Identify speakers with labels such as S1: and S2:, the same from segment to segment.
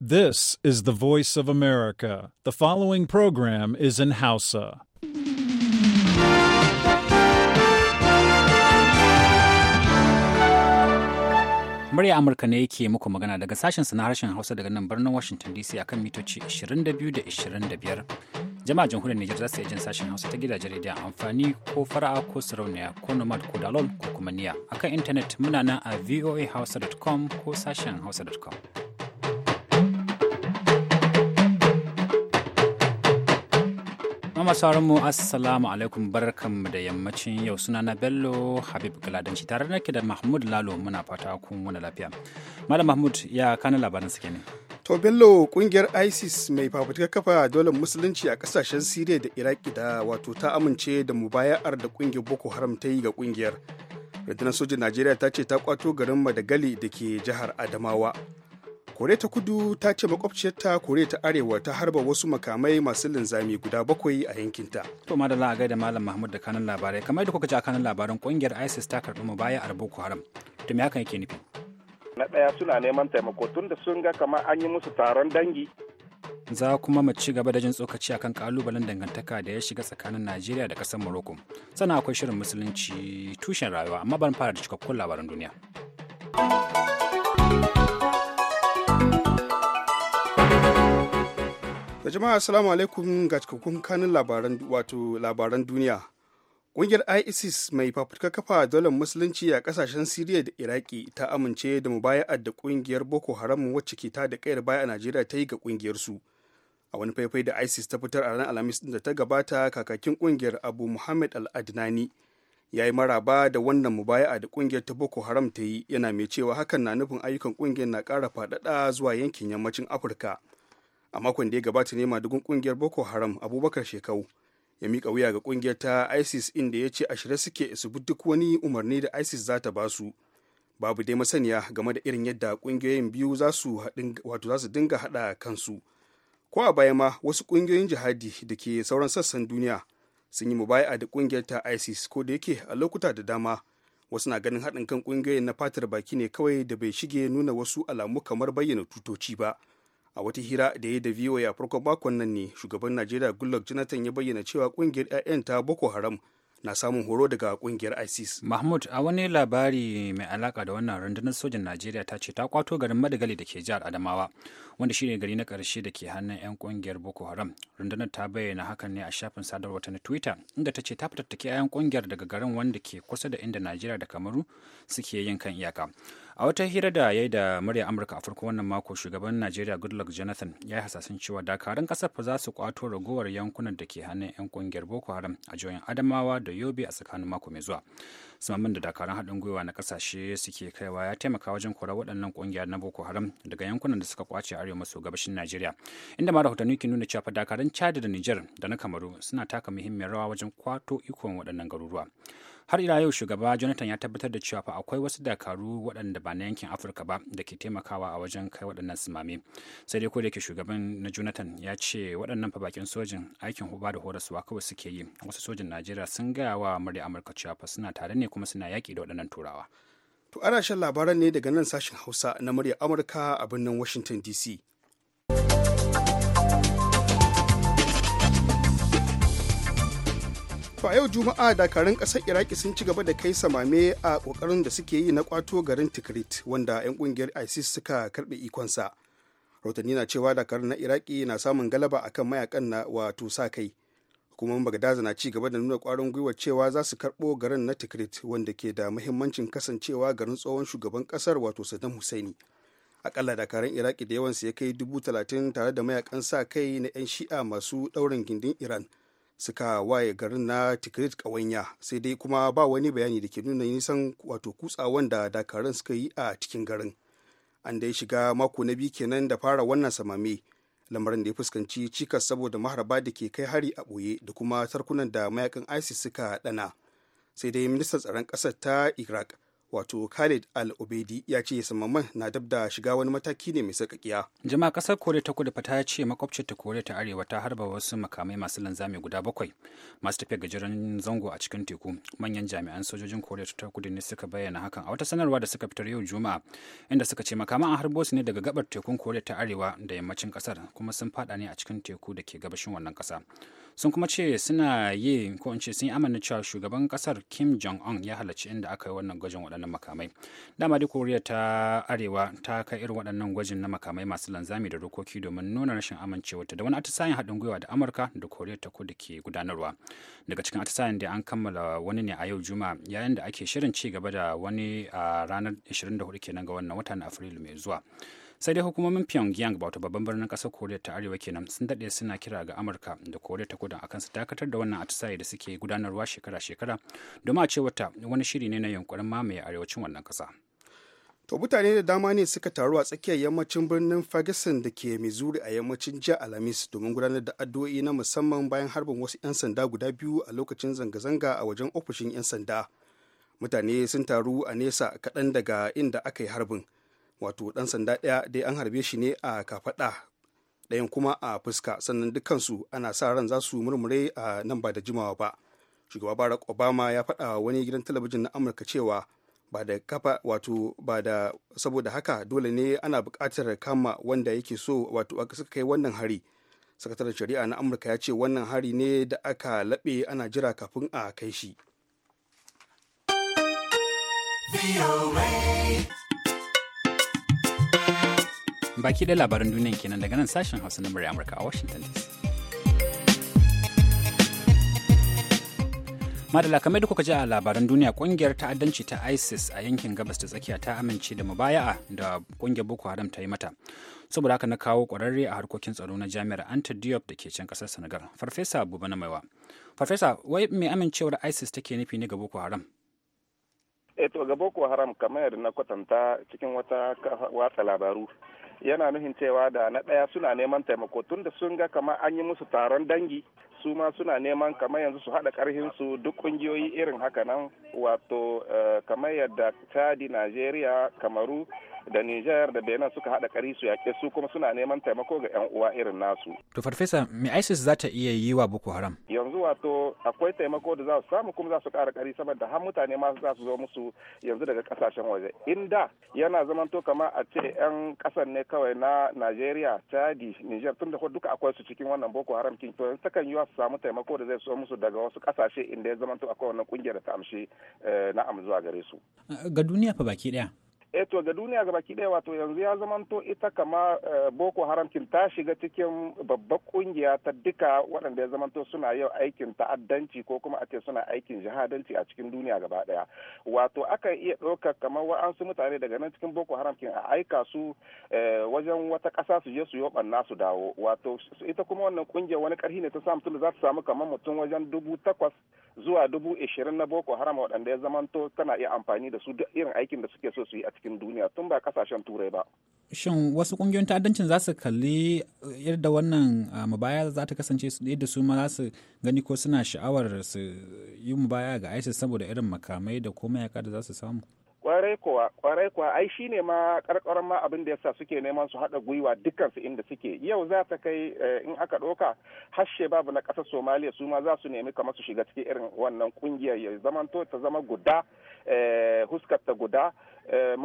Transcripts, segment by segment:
S1: This is the voice of America. The following program is in Hausa. Murya Amurka ne yake muku magana daga sashen na harshen Hausa daga nan birnin Washington DC akan mitoci 22 da 25. Jama'a jamhuriyar Nijar za su jin sashen Hausa ta gidajen rediyon amfani ko fara'a ko sarauniya ko nomad ko dalol ko kuma niya. Akan intanet muna nan a voahausa.com ko sashen hausa.com. masu mu assalamu alaikum barkanmu da yammacin yau suna na bello habib galadanci tare da ke da mahmud lalo muna fata kun wani lafiya malam mahmud ya kana labarin suke ne
S2: to bello kungiyar isis mai fafutuka kafa dole musulunci a kasashen siriya da iraki da wato ta amince da mubaya'ar da kungiyar boko haram ta yi ga kungiyar rundunar sojin najeriya ta ce ta kwato garin madagali da ke jihar adamawa koriya ta kudu ta ce makwabciyarta koriya ta arewa ta harba wasu makamai masu linzami guda bakwai a yankinta to madalla a gaida malam mahmud da
S1: kanan labarai kamar da kuka ji a kanan labaran kungiyar isis ta karbi mu baya a boko haram to me hakan yake nufi
S3: na ɗaya suna neman taimako tun da sun ga kamar an yi musu taron dangi
S1: za kuma mu ci gaba da jin tsokaci akan kalubalen dangantaka da ya shiga tsakanin najeriya da kasar morocco sannan akwai shirin musulunci tushen rayuwa amma ban fara da cikakkun labaran duniya
S2: da jama'a assalamu alaikum ga cikakkun kanin labaran wato labaran duniya ƙungiyar isis mai fafutuka kafa dole musulunci a ƙasashen siriya da iraki ta amince da mubaya'ar da ƙungiyar boko haram wacce ke ta da kayar baya a najeriya ta yi ga ƙungiyarsu. a wani faifai da isis ta fitar a ranar alhamis da ta gabata kakakin ƙungiyar abu muhammad al-adnani ya yi maraba da wannan mubaya'a da ƙungiyar ta boko haram ta yi yana mai cewa hakan na nufin ayyukan ƙungiyar na ƙara faɗaɗa zuwa yankin yammacin afirka a makon da ya gabata ne madugun kungiyar boko haram abubakar shekau ya mika wuya ga kungiyar ta isis inda ya ce a shirye suke su bi duk wani umarni da isis za ta basu babu dai masaniya game da irin yadda kungiyoyin biyu wato za su dinga haɗa kansu ko a baya ma wasu kungiyoyin jihadi da ke sauran sassan duniya sun yi mubaya'a da kungiyar ta isis ko da yake a lokuta da dama wasu na ganin haɗin kan kungiyoyin na fatar baki ne kawai da bai shige nuna wasu alamu kamar bayyana tutoci ba a wata hira da ya da voa a farkon makon nan ne shugaban najeriya goodluck jonathan ya bayyana cewa kungiyar 'ya'yan ta boko haram na samun horo daga kungiyar isis mahmud
S1: a wani labari mai alaka da wannan rundunar sojan najeriya ta ce ta kwato garin madagali da ke jihar adamawa wanda shine gari na karshe da ke hannun 'yan kungiyar boko haram rundunar ta bayyana hakan ne a shafin sadarwa ta na twitter inda ta ce ta fitattake 'yan kungiyar daga garin wanda ke kusa da inda najeriya da kamaru suke yin kan iyaka a wata hira da ya yi da murya amurka a farko wannan mako shugaban najeriya goodluck jonathan ya yi hasasin cewa dakarun kasar fa za su kwato ragowar yankunan da ke hannun 'yan kungiyar boko haram a jihohin adamawa da yobe a tsakanin mako mai zuwa samamin da dakarun haɗin gwiwa na kasashe suke kaiwa ya taimaka wajen kora waɗannan kungiyar na boko haram daga yankunan da suka kwace arewa maso gabashin najeriya inda ma rahotanni ke nuna cewa dakarun chad da niger da na kamaru suna taka muhimmiyar rawa wajen kwato ikon waɗannan garuruwa har ila yau shugaba jonathan ya tabbatar da cewa fa akwai wasu dakaru waɗanda ba na yankin afirka ba da ke taimakawa a wajen kai waɗannan simame sai dai ko da ke shugaban na jonathan ya ce waɗannan fa bakin sojin aikin huba da horaswa kawai suke yi wasu sojin najeriya sun gaya wa murya amurka cewa fa suna tare ne kuma suna yaƙi da waɗannan turawa
S2: to ana shan labaran ne daga nan sashen hausa na murya amurka a birnin washington dc To a yau Juma'a dakarun kasar Iraki sun ci gaba da kai samame a ƙoƙarin da suke yi na kwato garin Tikrit wanda 'yan ƙungiyar ISIS suka karɓe ikonsa. Rotanni na cewa dakarun na Iraki na samun galaba akan mayakan na wato sa kai. kuma Bagdaza na ci gaba da nuna kwarin gwiwa cewa za su karɓo garin na Tikrit wanda ke da muhimmancin kasancewa garin tsohon shugaban kasar wato Saddam Hussein. akalla dakarun iraki da yawansu ya kai dubu talatin tare da mayakan sa kai na 'yan shi'a masu ɗaurin gindin iran suka waye garin na tikrit ƙawanya sai dai kuma ba wani bayani da ke nuna nisan wato kutsawan da dakarun suka yi a cikin garin an dai shiga mako na biyu kenan da fara wannan samame lamarin da ya fuskanci cikas saboda maharba da ke kai hari a ɓoye da kuma tarkunan da mayakan isis suka ɗana sai dai ministan tsaron ƙasar ta iraq wato khalid al-obedi ya ce samaman na dab da shiga wani mataki ne mai sakakiya
S1: jama'a kasar koriya ta kudu fata ya ce makwabcin ta koriya ta arewa ta harba wasu makamai masu linzami guda bakwai masu tafiya gajeren zango a cikin teku manyan jami'an sojojin koriya ta kudu ne suka bayyana hakan a wata sanarwa da suka fitar yau juma'a inda suka ce makaman an harbo su ne daga gabar tekun koriya ta arewa da yammacin ƙasar kuma sun fada ne a cikin teku da ke gabashin wannan kasa sun kuma ce suna yi ko in ce sun yi amana cewa shugaban kasar kim jong un ya halarci inda aka yi wannan gwajin waɗannan makamai dama da koriya ta arewa ta kai irin waɗannan gwajin na makamai masu lanzami da dokoki domin nuna rashin amincewarta da wani atisayen haɗin gwiwa da amurka da koriya ta kudu ke gudanarwa daga cikin atisayen da an kammala wani ne a yau juma yayin da ake shirin ci gaba da wani a ranar 24 kenan ga wannan watan afrilu mai zuwa sai dai hukumomin pyongyang ba wata babban birnin kasar koriya ta arewa kenan sun daɗe suna kira ga amurka da koriya ta kudu akan su dakatar da wannan atisaye da suke gudanarwa shekara-shekara
S2: domin a ce wata wani shiri ne na yunkurin mamaye arewacin wannan kasa. to mutane da dama ne suka taru a tsakiyar yammacin birnin ferguson da ke missouri a yammacin jiya alhamis domin gudanar da addu'o'i na musamman bayan harbin wasu 'yan sanda guda biyu a lokacin zanga-zanga a wajen ofishin 'yan sanda mutane sun taru a nesa kaɗan daga inda aka yi harbin wato ɗan sanda ɗaya dai an harbe shi ne a kafaɗa ɗayan kuma a fuska sannan dukkansu ana sa ran za su murmure a nan ba da jimawa ba shugaba barack obama ya faɗa wani gidan talabijin na amurka cewa ba da kafa wato ba da saboda haka dole ne ana buƙatar kama wanda yake so wato aka suka kai wannan hari sakataren shari'a na amurka ya ce wannan hari ne da aka laɓe ana jira kafin a kai shi
S1: Baki ɗaya labaran duniyan kenan daga nan sashen Hausa na murya Amurka a Washington DC. Madala kamar da kuka ji a labaran duniya kungiyar ta'addanci ta ISIS a yankin gabas da tsakiya ta amince da mubaya'a da kungiyar Boko Haram ta yi mata. Saboda haka na kawo kwararre a harkokin tsaro na jami'ar Anta Diop da ke can kasar Senegal, Farfesa Abuba na Maiwa. Farfesa, wai mai amincewar ISIS take nufi ne ga Boko Haram?
S3: eto eh, ga Boko Haram kamar yadda na kwatanta cikin wata watsa labaru yana nuhin cewa da na ɗaya suna neman taimako tun da sun ga kamar an yi musu taron dangi su ma suna neman kamar yanzu su haɗa su duk ƙungiyoyi irin haka nan wato eh, kamar yadda chadi nigeria kamaru da Nijar da Benin suka hada kari su yaƙe su kuma suna neman taimako ga 'yan uwa irin nasu.
S1: To Farfesa, me ISIS za ta iya yi wa Boko Haram?
S3: Yanzu wato akwai taimako da za su samu kuma za su ƙara kari saboda har mutane ma za su zo musu yanzu daga kasashen waje. Inda yana zamanto kama a ce 'yan kasan ne kawai na Najeriya, Chadi, Nijar tun da duka akwai su cikin wannan Boko Haram kin to yanzu takan yiwa su samu taimako da zai so musu daga wasu kasashe inda ya zamanto akwai wannan ƙungiyar ta amshi eh, na amzuwa gare su.
S1: Ga duniya fa baki ɗaya.
S3: eh to ga duniya ga baki daya wato yanzu ya zamanto ita kama eh, boko haram ta shiga cikin babbar kungiya ta duka waɗanda ya zamanto suna yau aikin ta'addanci ko kuma a ce suna aikin jihadanci a cikin duniya gaba daya wato akan iya ɗaukar kamar wa'ansu mutane daga nan cikin boko haram kin a aika su eh, wajen wata ƙasa su je su yi waɓanna su dawo wato ita kuma wannan kungiya wani ƙarhi ne ta mutum da za ta samu kamar mutum wajen dubu takwas zuwa dubu ishirin na boko haram waɗanda ya zamanto tana iya amfani da su duk irin aikin da suke so su yi a cikin duniya tun ba kasashen turai ba
S1: shin wasu kungiyoyin ta'addancin za su kalli eh, yadda wannan ah, mabaya za ta kasance yadda su ma za su gani ko suna sha'awar su yi mubaya ga isis saboda irin makamai da komai yaka da za su samu
S3: kwarai kuwa kwarai kuwa ai shine ma karkarar ma abin da yasa suke neman su hada gwiwa dukkan su inda suke yau za ta kai eh, in aka doka hashe babu na kasar somaliya su ma za su nemi kamar su shiga cikin irin wannan kungiyar ya zamanto ta zama guda eh, huskar ta guda Eh,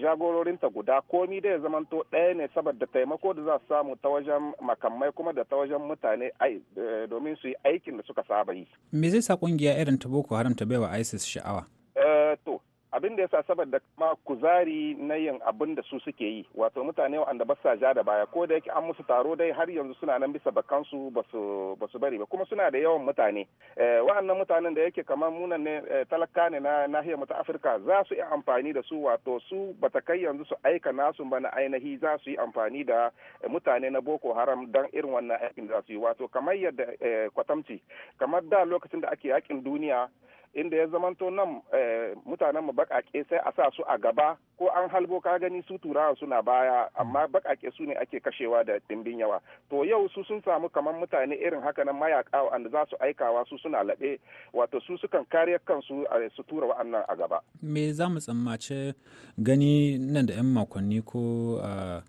S3: jagororinta guda komi da ya zamanto ɗaya ne saboda taimako da za su samu ta wajen makamai kuma da ta wajen mutane eh, domin su yi aikin da suka saba yi.
S1: Me zai sa kungiya irin ta Boko Haram ta baiwa ISIS sha'awa?
S3: Eh, to, abin da sa saboda ma kuzari na yin abin da su suke yi wato mutane wanda ba sa ja da baya ko da yake an musu taro dai har yanzu suna nan bisa bakansu ba su bari ba kuma suna da yawan mutane eh, wa'annan mutanen da yake kamar munan ne eh, talaka ne na nahiyar mu Afirka za su yi amfani da su wato su bata kai yanzu su aika nasu ba na ainihi za su yi amfani da mutane na Boko Haram dan irin wannan aikin da su yi wato kamar yadda eh, kwatamci kamar da lokacin da ake yakin duniya inda ya zamanto nan eh, mutanen mu bakake sai a sa su a gaba ko an halbo ka gani su turawa suna baya amma mm. bakake su ne ake kashewa da dimbin yawa to yau su sun samu kamar mutane irin haka nan mayaka wanda za su aikawa su suna laɓe wato su sukan kariya kansu eh, su tura wa'annan a gaba
S1: me za mu tsammace gani nan da 'yan makonni ko ah,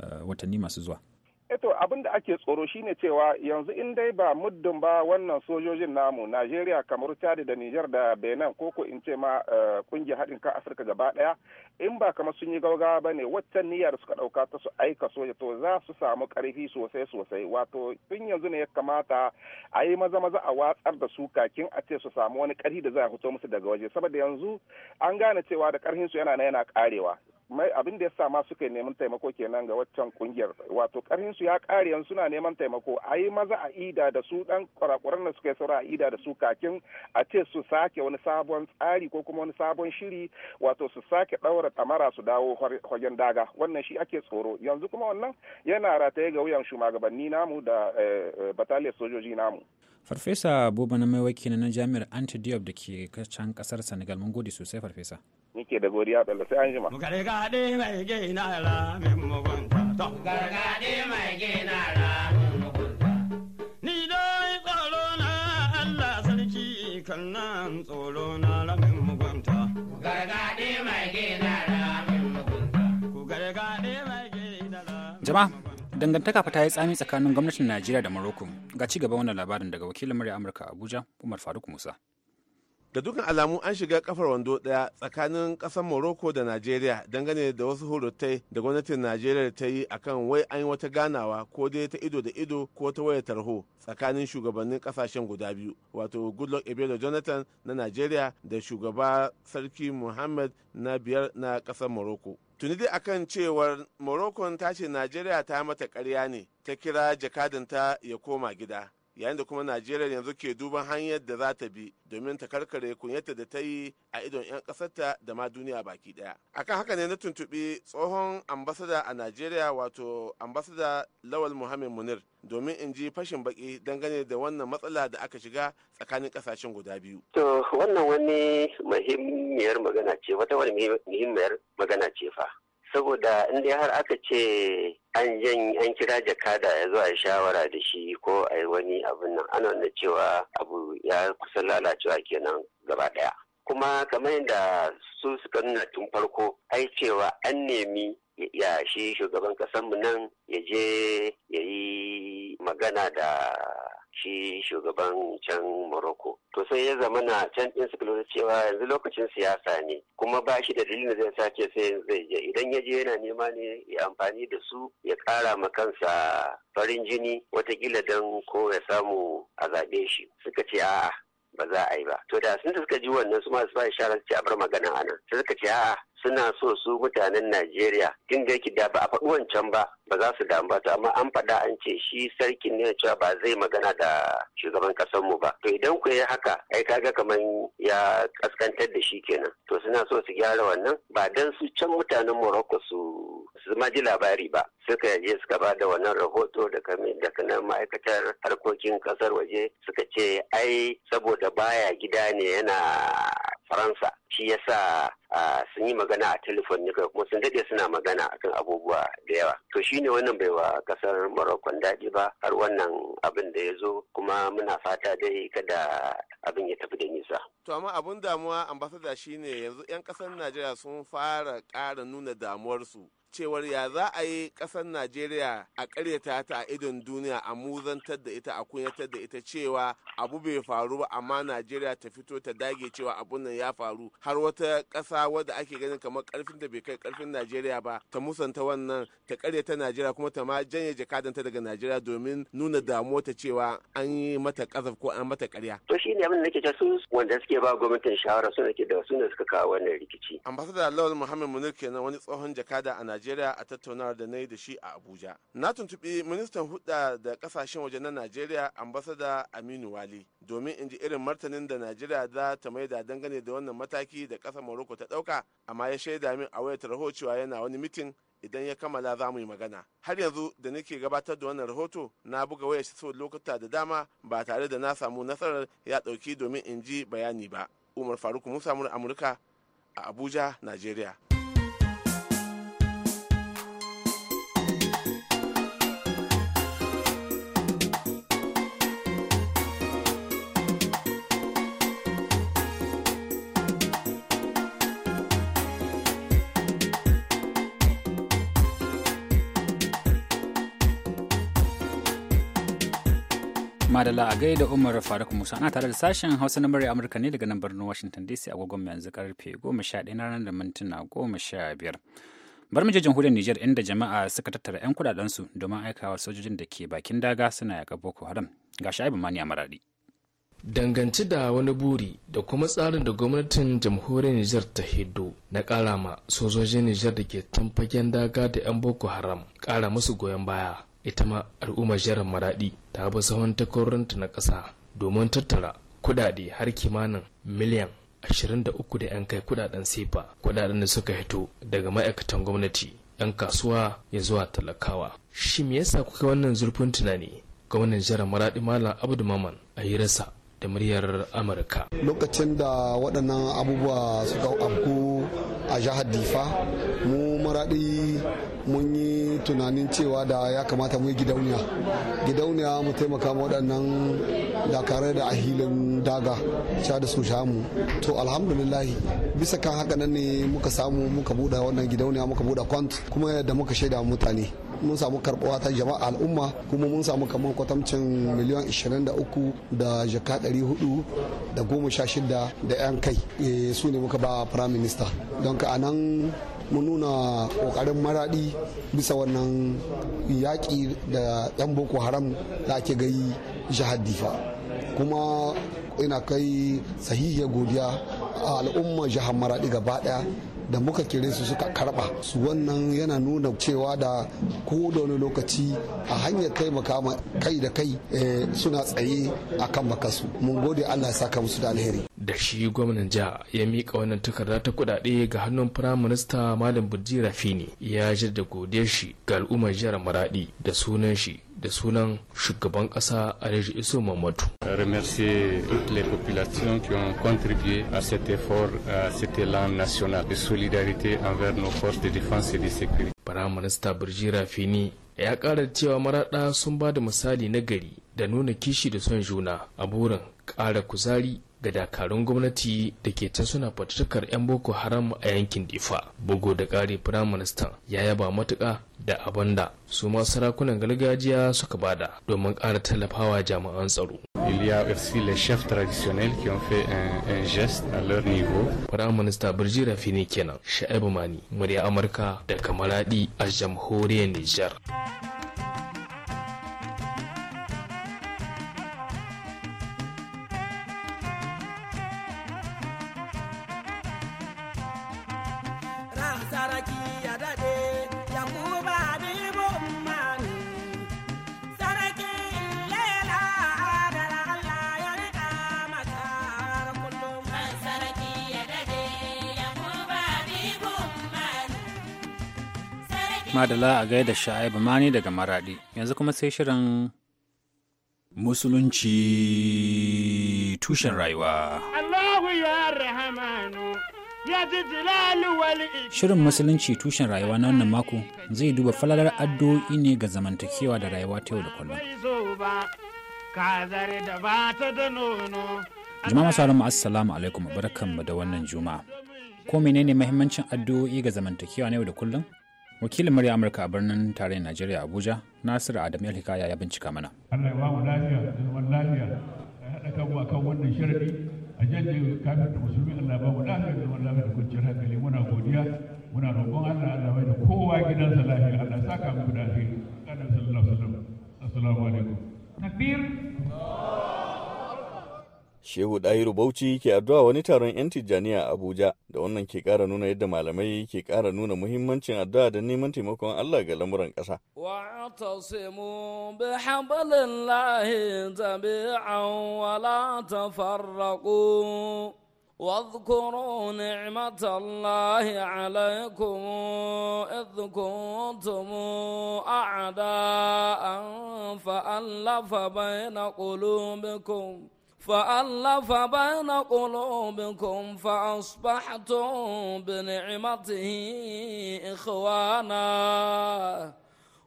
S1: ah, watanni masu zuwa
S3: to abin da ake tsoro shine cewa yanzu in dai ba muddin ba wannan sojojin namu Najeriya kamar Chad da Niger da Benin ko ko in ce ma eh, kungiyar haɗin ka Afirka gaba ɗaya in ba kamar sun yi gaugawa ba ne waccan niyyar suka ɗauka ta su aika soja to za su samu ƙarfi sosai sosai wato tun yanzu ne ya kamata a yi maza maza a watsar da su kakin a ce su samu wani ƙarfi da za a fito musu daga waje saboda yanzu an gane cewa da ƙarfin su yana na yana ƙarewa abin da ya sa ma suka neman taimako kenan ga waccan kungiyar wato karhin su ya kare yanzu suna neman taimako a yi maza a ida da su dan kurakuran da suka yi saura a ida da su kakin a ce su sake wani sabon tsari ko kuma wani sabon shiri wato su sake daura tamara su dawo hagen daga wannan shi ake tsoro yanzu kuma wannan yana rataye ga wuyan shugabanni namu da eh, eh, bataliyar sojoji namu
S1: farfesa abubuwan mai wakilin na jami'ar antidiop da ke can kasar senegal mun gode sosai farfesa
S3: nike da godiya da sai an jima. Gargaɗe
S1: mai gina ra min mugunta. To.
S4: Gargaɗe mai gina ra min mugunta. Ni dai tsoro na Allah sarki kan nan tsoro na ra min mugunta. Gargaɗe mai gina ra min mugunta. Ku
S1: gargaɗe mai gina ra. Jama'a. Dangantaka fa ta yi tsami tsakanin gwamnatin Najeriya da Morocco. Ga ci gaba wannan labarin daga wakilin murya Amurka Abuja, Umar Faruk Musa.
S5: da dukkan alamu an shiga kafar wando daya tsakanin kasar morocco da najeriya dangane da wasu hurutai da gwamnatin najeriya ta yi akan wai an yi wata ganawa ko dai ta ido da ido ko ta waya tarho tsakanin shugabannin kasashen guda biyu wato goodluck ebelo jonathan na najeriya da shugaba sarki muhammad na biyar na kasar morocco tuni dai akan cewar morocco ta ce najeriya ta mata karya ne ta kira jakadanta ya koma gida yayin da kuma najeriya yanzu ke duban hanyar da za ta bi domin ta karkare kunyata da ta yi a idon 'yan ƙasarta da ma duniya baki ɗaya akan haka ne na tuntuɓi tsohon ambasada a najeriya wato ambasada lawal muhammad munir domin in ji fashin baki dangane da wannan matsala da aka shiga tsakanin ƙasashen guda biyu
S6: to wannan wani muhimmiyar magana ce wata wani muhimmiyar magana ce fa saboda in dai har aka ce an jan an kira jakada ya zo a shawara da shi ko a yi wani abin nan ana cewa abu ya kusan lalacewa kenan gaba daya kuma kamar yadda su suka nuna tun farko ai cewa an nemi ya shi shugaban kasanmu nan ya je ya yi magana da shi shugaban can Morocco. To sai ya zama na can ɗin suka lura cewa yanzu lokacin siyasa ne kuma ba shi da dalilin zai sace sai yanzu zai je idan ya je yana nema ne ya amfani da su ya ƙara ma kansa farin jini watakila don ko ya samu a zaɓe shi suka ce a'a ba za a yi ba to da sun da suka ji wannan su ma su fara sharar ce a bar magana a nan sai suka ce a'a suna so su mutanen Najeriya da yake da ba a faɗi wancan ba ba za su damu ba to amma an faɗa an ce shi sarkin ne cewa ba zai magana da shugaban ƙasar mu ba to idan ku yi haka ai kaga kaman ya kaskantar da shi kenan to suna so su gyara wannan ba dan su can mutanen Morocco su su ma ji labari ba suka yaje suka ba da wannan rahoto da na ma'aikatar harkokin ƙasar waje suka ce ai saboda baya gida ne yana Faransa shi yasa sun yi magana a telefon ne kuma sun daɗe suna magana akan abubuwa da yawa to shine wannan bai wa kasar Marokon daɗi ba har wannan abin da ya zo kuma muna fata dai kada abin ya tafi da nisa
S5: to amma abin damuwa ambasada shine yanzu yan ƙasar Najeriya sun fara ƙara nuna damuwarsu cewar ya za a yi ƙasar najeriya a ƙaryata ta a idon duniya a muzantar da ita a kunyatar da ita cewa abu bai faru ba amma najeriya ta fito ta dage cewa abun nan ya faru har wata ƙasa wadda ake ganin kamar ƙarfin da bai kai ƙarfin najeriya ba ta musanta wannan ta ƙaryata najeriya kuma ta ma janye jakadanta daga najeriya domin nuna damuwa ta cewa an yi mata ƙazaf ko an mata ƙarya.
S6: to shi ne abin da nake su wanda suke ba gwamnatin shawara suna ke da suna suka kawo wannan rikici.
S5: ambasada lawal muhammad
S6: munir kenan wani tsohon
S5: jakada a najeriya najeriya a tattaunawar da na yi da shi a abuja na tuntuɓi ministan hudda da kasashen waje na najeriya ambasada aminu wali domin in ji irin martanin da najeriya za ta maida dangane da wannan mataki da kasar morocco ta ɗauka amma ya shaida min a wayar tarho cewa yana wani mitin idan ya kammala za mu yi magana har yanzu da nake gabatar da wannan rahoto na buga wayar shi sau lokuta da dama ba tare da na samu nasarar ya ɗauki domin in ji bayani ba umar faruk musa amurka a abuja najeriya
S1: Madala a gaida Umar Faruk Musa ana tare da sashen Hausa na murya Amurka ne daga nan birnin Washington DC agogon mai yanzu karfe 11 na ranar da mintuna 15. Bar mu je jamhuriyar Nijar inda jama'a suka tattara 'yan kudadensu domin aikawa sojojin da ke bakin daga suna yaƙa Boko Haram. Ga Shaibu Mani a Maradi.
S7: danganci da wani buri da kuma tsarin da gwamnatin jamhuriyar Nijar ta hiddo na karama ma sojojin niger da ke tun daga da 'yan Boko Haram kara musu goyon baya ita ma al'ummar jiran maradi ta bi sahun takwarorinta na ƙasa domin tattara kudade har kimanin miliyan 23 da 'yan kai kudaden sefa kudaden da suka hito daga ma'aikatan gwamnati 'yan kasuwa ya zuwa talakawa shi me yasa kuka wannan zurfin tunani gwamnan jihar maradi malam abdu maman a hirarsa da muryar amurka
S8: lokacin da waɗannan abubuwa suka afku a jihar difa mu maraɗi mun yi tunanin cewa da ya kamata mu yi gidauniya gidauniya mu taimaka waɗannan dakarai da a hilin daga sha da su shamu to alhamdulillahi bisa kan haka nan ne muka samu muka buɗa wannan gidauniya muka buɗa kwant kuma da muka shaida mutane mun samu karɓuwa ta jama'a al'umma kuma mun samu kamar kwatamcin miliyan 23 da jaka 416 da goma sha shida da 'yan kai eh, su ne muka ba prime minister don ka anan mu nuna kokarin maradi bisa wannan yaƙi da 'yan boko haram da ake gai jihar difa kuma ina kai sahihiyar godiya a al'umma jihar maradi gaba daya da muka kire su suka karba su wannan yana nuna cewa da ko da wani lokaci a hanyar taimaka kai da kai eh, suna tsaye a kan makasu mun gode allah ya saka musu da alheri
S7: da shi gwamnan jiha ya mika wannan takarda ta kudade ga hannun firayim minista malam burji rafini ya jaddada godiyar shi ga al'ummar jihar maradi da sunan shi da sunan shugaban kasa alhaji iso mamadu remercier toutes les populations qui ont contribué à cet effort à cet élan national de solidarité envers nos forces de défense et de sécurité firayim minista burji rafini ya kara cewa marada sun ba da misali na gari da nuna kishi da son juna a burin kara kuzari ga dakarun gwamnati da ke can suna fatattakar 'yan boko haram a yankin difa bugu da ƙari firaministan ya yaba matuƙa da abin da su ma sarakunan gargajiya suka bada domin ƙara tallafawa jami'an tsaro Il y a aussi les chefs traditionnels qui ont fait Prime Minister Birji Rafini kenan, Sha'ibu Mani, murya Amurka da Kamaradi a jamhuriyar Nijar.
S1: Madala a gaida sha'ibu mani daga maradi yanzu kuma sai shirin musulunci tushen rayuwa. Allahu Shirin musulunci tushen rayuwa na wannan mako zai duba falalar addu'o'i ne ga zamantakewa da rayuwa ta yau da kullum. Jama'a masu mu assalamu alaikum barkanmu da wannan juma'a. Ko menene mahimmancin addu'o'i ga zamantakewa na yau da kullum? wakilin murya amurka a birnin tarayyar najeriya abuja nasir adam hikaya ya bincika mana
S7: allah ya ba mu lafiya da zaman lafiya ya haɗa kanmu kan wannan sharadi a jaje
S9: kafin da musulmi allah ba mu lafiya da zaman lafiya da kwanciyar hankali muna godiya muna roƙon allah allah bai da
S7: kowa gidansa lafiya allah saka mu da alheri sallallahu alaihi wasallam assalamu alaikum
S4: takbir
S2: Shehu Ɗahiru Bauchi ke addu'a wani taron 'yan Tijjaniya a Abuja da wannan ke kara nuna yadda malamai ke ƙara nuna muhimmancin addu'a da neman taimakon Allah ga lamuran ƙasa.
S4: Wa tausimu bi hablillahi tabi'an wa la tafarraqu wa dhkuru ni'matallahi 'alaykum idh kuntum lafa fa'alafa bayna qulubikum فألف بين قلوبكم فأصبحتم بنعمته إخوانا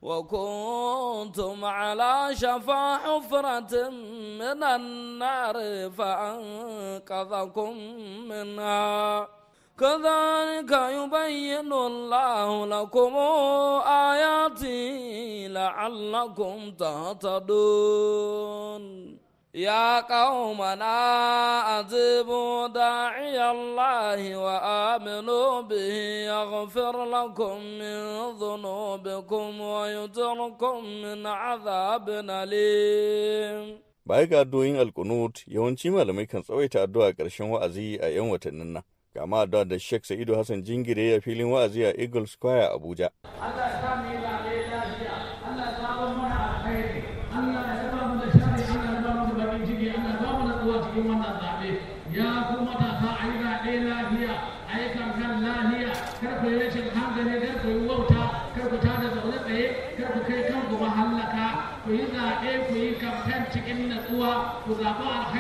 S4: وكنتم على شفا حفرة من النار فأنقذكم منها كذلك يبين الله لكم آياته لعلكم تهتدون يا قومنا أجيبوا داعي الله وآمنوا به يغفر لكم من ذنوبكم ويجركم من عذاب أليم
S2: Baya ga addu’oyin alkunut yawanci malamai kan tsawaita addu'a ƙarshen wa'azi a 'yan watannin nan. Kama addu'a da Sheikh Sa'idu Hassan Jingire ya filin wa'azi a Eagle Square Abuja. Allah
S4: ya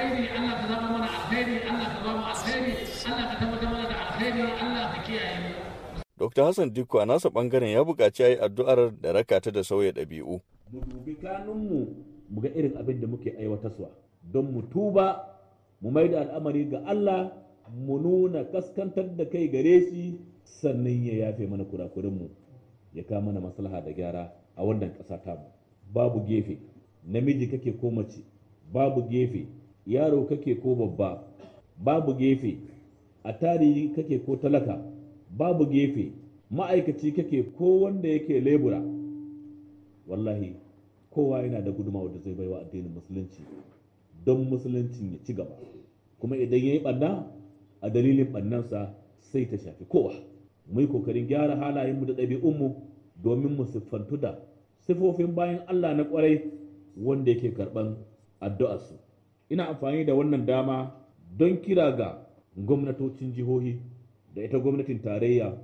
S4: alkhairi Allah ka zama mana alkhairi Allah ka zama
S9: alkhairi Allah ka tabbata mana da alkhairi Allah ka kiyaye mu
S2: Dr. Hassan Dikko a nasa bangaren ya bukaci a addu'ar da rakata ta da sauya ɗabi'u.
S9: Mu dubi kanunmu mu ga irin abin da muke aiwatarwa don mu tuba mu mai da al'amari ga Allah mu nuna kaskantar da kai gare shi sannan ya yafe mana kurakurinmu ya kawo mana maslaha da gyara a wannan ƙasa tamu babu gefe namiji kake ko mace babu gefe yaro kake ko babba babu gefe a tarihi kake ko talaka babu gefe ma'aikaci kake ko wanda yake lebura wallahi kowa yana da guduma da zai baiwa addinin musulunci don musulunci ya ci gaba kuma idan ya yi ɓanna a dalilin ɓannansa sai ta shafi kowa mai kokarin gyara halayenmu da ɗabi'unmu domin mu siffantu da sifofin bayan allah na ƙwarai wanda yake karɓan addu'arsu ina amfani da wannan dama don kira ga gwamnatocin jihohi da ita gwamnatin tarayya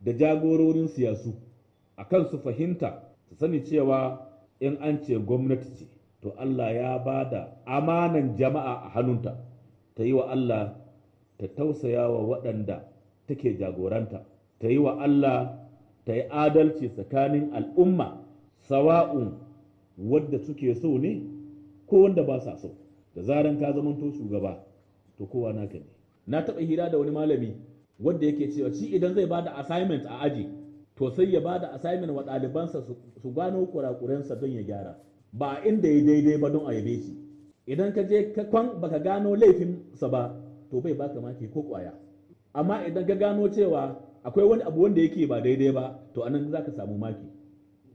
S9: da jagororin siyasu a kan su fahimta su sani cewa in an ce gwamnati ce to Allah ya ba da amanan jama'a a hannunta ta yi wa Allah ta tausaya wa waɗanda take jagoranta ta yi wa Allah ta yi adalci tsakanin al'umma sawa'un wadda suke so ne ko wanda ba sa so. da zaran ka zamanto shugaba to kowa naka ne na taba hira da wani malami wanda yake cewa shi idan zai bada assignment a aji to sai ya bada assignment wa ɗalibansa su gano kurakurensa don ya gyara ba inda ya daidai ba don a yabe shi idan ka je ka kwan baka gano laifinsa ba to bai baka maki ko kwaya amma idan ka gano cewa akwai wani abu wanda yake ba daidai ba to anan za samu maki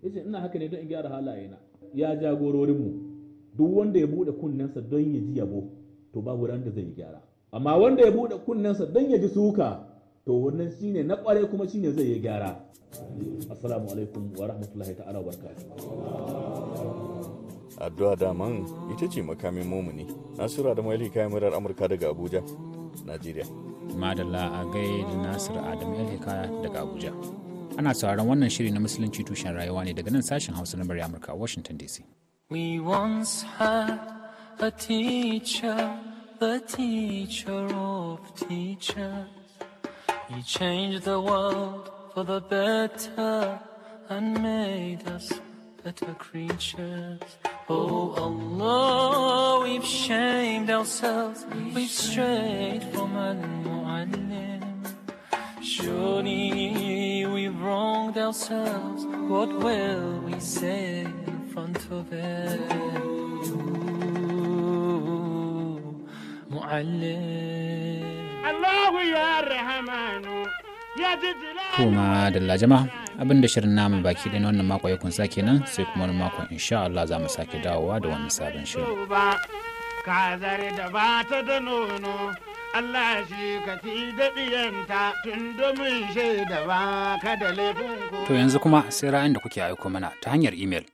S9: yace ina haka ne don in gyara halayena ya mu. duk wanda ya buɗe kunnensa don ya ji yabo to babu ran da zai gyara amma wanda ya buɗe kunnensa don ya ji suka to wannan shine na ƙware kuma shine zai yi gyara assalamu alaikum wa rahmatullahi ta'ala wa
S2: addu'a daman ita ce makamin mumuni. nasiru adamu ali kayan murar amurka daga abuja najeriya
S1: madalla a gai da nasiru adamu ali daga abuja ana sauraron wannan shiri na musulunci tushen rayuwa ne daga nan sashen hausa na bari amurka washington dc We once
S4: had a teacher, the teacher of teachers. He changed the world for the better and made us better creatures. Oh Allah, we've shamed ourselves, we've strayed from Al-Mu'allim. Surely we've wronged ourselves, what will we say? front of it ya الله يا
S1: kuma dalla jama'a abin da shirin naman baki ɗaya na wannan mako ya kunsa kenan sai kuma wani makon insha Allah za mu sake dawowa da wani sabon shirin.
S4: Kazare da bata da nono Allah
S2: shi ka fi daɗiyanta tun domin shaida ba ka da laifin
S1: To yanzu kuma sai ra'ayin da kuke aiko mana ta hanyar imel.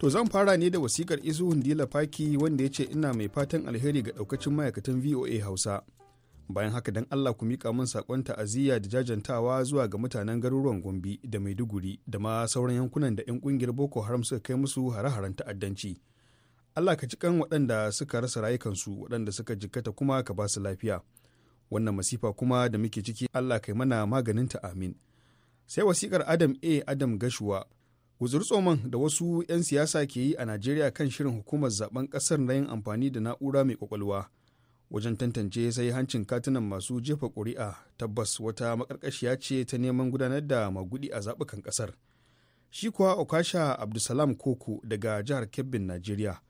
S2: To zan fara ne da wasikar Isu Hundila Faki wanda ya ce ina mai fatan alheri ga daukacin ma'aikatan VOA Hausa. Bayan haka dan Allah ku mika min sakon ta'aziyya da jajantawa zuwa ga mutanen garuruwan Gombe da Maiduguri da ma sauran yankunan da 'yan kungiyar Boko Haram suka kai musu hare-haren ta'addanci. Allah ka ci kan waɗanda suka rasa rayukansu waɗanda suka jikkata kuma ka ba su lafiya. Wannan masifa kuma da muke ciki Allah kai mana maganin ta amin. Sai wasikar Adam A. Adam Gashuwa guzurtsoman da wasu 'yan siyasa ke yi a najeriya kan shirin hukumar zaben kasar na yin amfani da na'ura mai kwakwalwa wajen tantance sai hancin katunan masu jefa ƙuri'a tabbas wata makarkashiya ce ta neman gudanar da magudi a zaɓukan ƙasar shi kuwa okasha abdulsalam koko daga jihar kebbin najeriya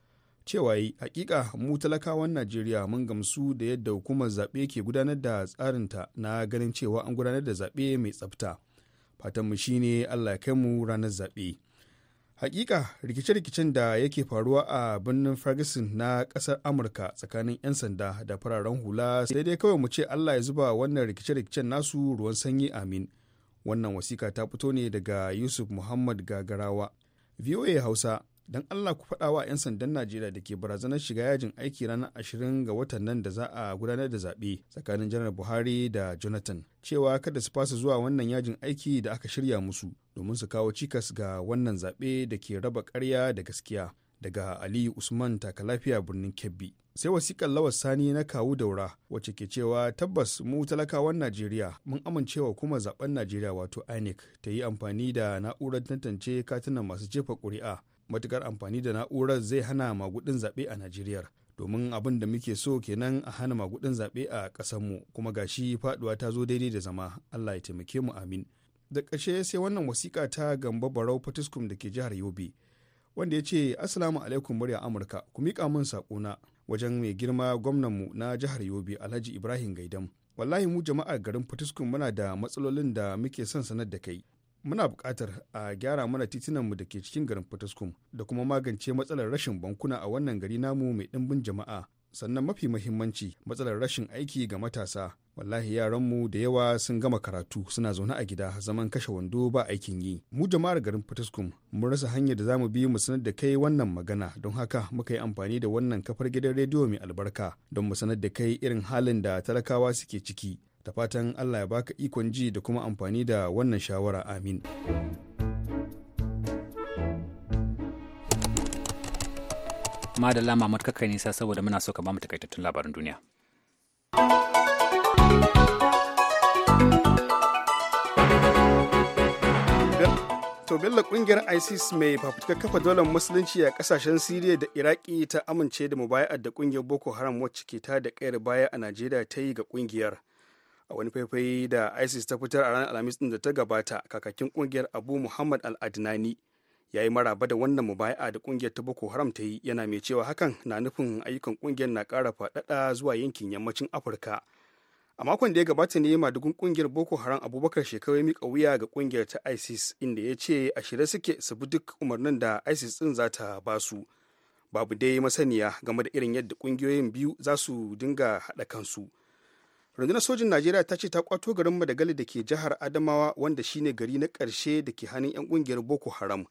S2: cewa yi hakika mu talakawan najeriya mun gamsu da yadda hukumar zaɓe ke gudanar da tsarinta na ganin cewa an gudanar da zaɓe mai tsafta fatanmu shine allah ya kai mu ranar zaɓe hakika rikice-rikicen da yake faruwa a birnin ferguson na ƙasar amurka tsakanin 'yan sanda da fararen hula sai dai kawai mu ce allah ya zuba wannan rikice-rikicen nasu ruwan sanyi amin wannan wasika ta fito ne daga yusuf muhammad gagarawa voa hausa don Allah ku faɗa wa 'yan sandan Najeriya da ke barazanar shiga yajin aiki ranar ashirin ga watan nan da za a gudanar da zaɓe tsakanin janar Buhari da Jonathan cewa kada su fasa zuwa wannan yajin aiki da aka shirya musu domin su kawo cikas ga wannan zaɓe da ke raba karya da gaskiya daga ali Usman taka lafiya birnin Kebbi. sai wasikar lawas sani na kawu daura wacce ke cewa tabbas mu talakawan najeriya mun amincewa kuma zaben najeriya wato inec ta yi amfani da na'urar tantance katunan masu jefa ƙuri'a matukar amfani da na'urar zai hana magudin zaɓe a najeriya domin abin da muke so kenan a hana magudin zaɓe a ƙasarmu kuma gashi faduwa ta zo daidai da zama allah ya taimake mu amin da ƙarshe sai wannan wasiƙa ta gamba barau fatiskum da ke jihar yobe wanda ya ce asalamu alaikum murya amurka ku miƙa min na. wajen mai girma gwamnanmu na jihar yobe alhaji ibrahim gaidam wallahi mu jama'ar garin fatiskum muna da matsalolin da muke son sanar da kai muna buƙatar a gyara mana titunanmu da ke cikin garin fataskum da kuma magance matsalar rashin bankuna a wannan gari namu mai ɗimbin jama'a sannan mafi mahimmanci matsalar rashin aiki ga matasa wallahi yaranmu da yawa sun gama karatu suna zaune a gida zaman kashe wando ba aikin yi mu jama'ar garin fataskum mun rasa hanyar da zamu bi mu sanar da kai wannan magana don haka muka yi amfani da wannan kafar gidan rediyo mai albarka don mu sanar da kai irin halin da talakawa suke ciki da fatan allah ya baka ikon ji da kuma amfani da wannan shawara amin
S1: madalla mamad kakai nisa saboda muna so ka ba mu takaitattun labarin duniya
S2: to ƙungiyar isis mai fafutukar kafa dolar musulunci a kasashen siriya da iraki ta amince da mubaya'ar da kungiyar boko haram wacce ke ta da kayar baya a najeriya ta yi ga ƙungiyar. a wani faifai da isis ta fitar a ranar alhamis din da ta gabata kakakin kungiyar abu muhammad al-adnani ya yi maraba da wannan mubaya'a da kungiyar ta boko haram ta yi yana mai cewa hakan na nufin ayyukan kungiyar na kara faɗaɗa zuwa yankin yammacin afirka a makon da ya gabata ne madugun kungiyar boko haram abubakar shekaru ya mika wuya ga kungiyar ta isis inda ya ce a shirye suke su bi duk umarnin da isis din za ta ba su babu dai masaniya game da irin yadda kungiyoyin biyu za su dinga haɗa kansu rundunar sojin najeriya ta ce ta kwato garin madagali da ke jihar adamawa wanda shine gari na karshe da ke hannun 'yan kungiyar boko haram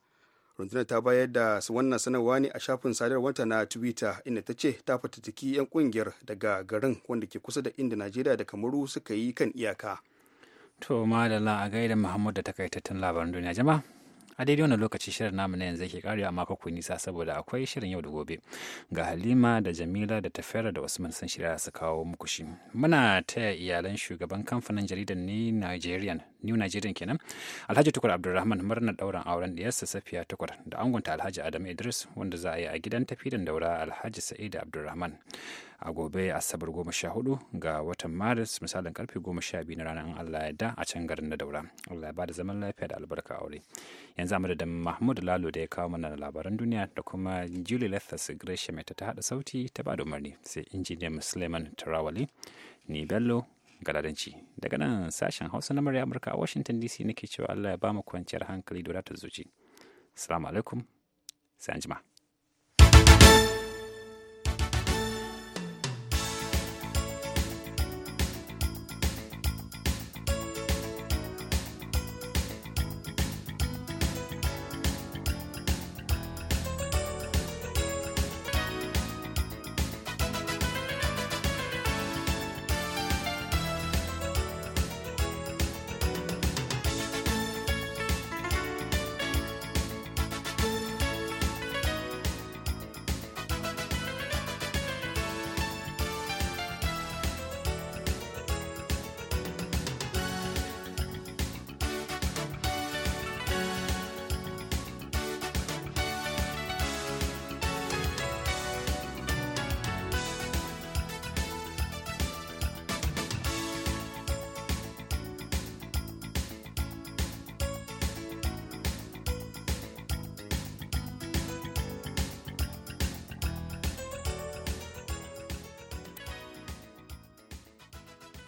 S2: rundunar ta bayar da wannan sanarwa ne a shafin sadarwarta na twitter inda ta ce ta fatattaki 'yan kungiyar daga garin wanda ke kusa da inda najeriya da kamaru suka yi kan iyaka
S1: to malala a gaida muhammad da takaitattun labaran duniya jama'a a daidai wannan lokaci shirin namu na yanzu yake karewa amma ku nisa saboda akwai shirin yau da gobe ga halima da jamila da tafera da usman sun shirya su kawo muku shi muna taya iyalan shugaban kamfanin jaridar ni nigerian new nigerian kenan alhaji tukur abdulrahman murnar ɗaurin auren diyarsa safiya tukur da angonta alhaji adam idris wanda za a yi a gidan tafidan daura alhaji sa'id abdulrahman a gobe asabar goma sha hudu ga watan maris misalin karfe goma sha biyu na ranar allah ya da a can garin na daura allah ya da zaman lafiya da albarka aure yanzu amma da mahmud lalo da ya kawo mana labaran duniya da kuma julie lethas gresham mai ta hada sauti ta bada umarni sai injiniyan musulman tarawali ni bello galadanci daga nan sashen hausa na murya amurka a washington dc nake cewa allah ya ba mu kwanciyar hankali da wadatar zuci salamu alaikum sai anjima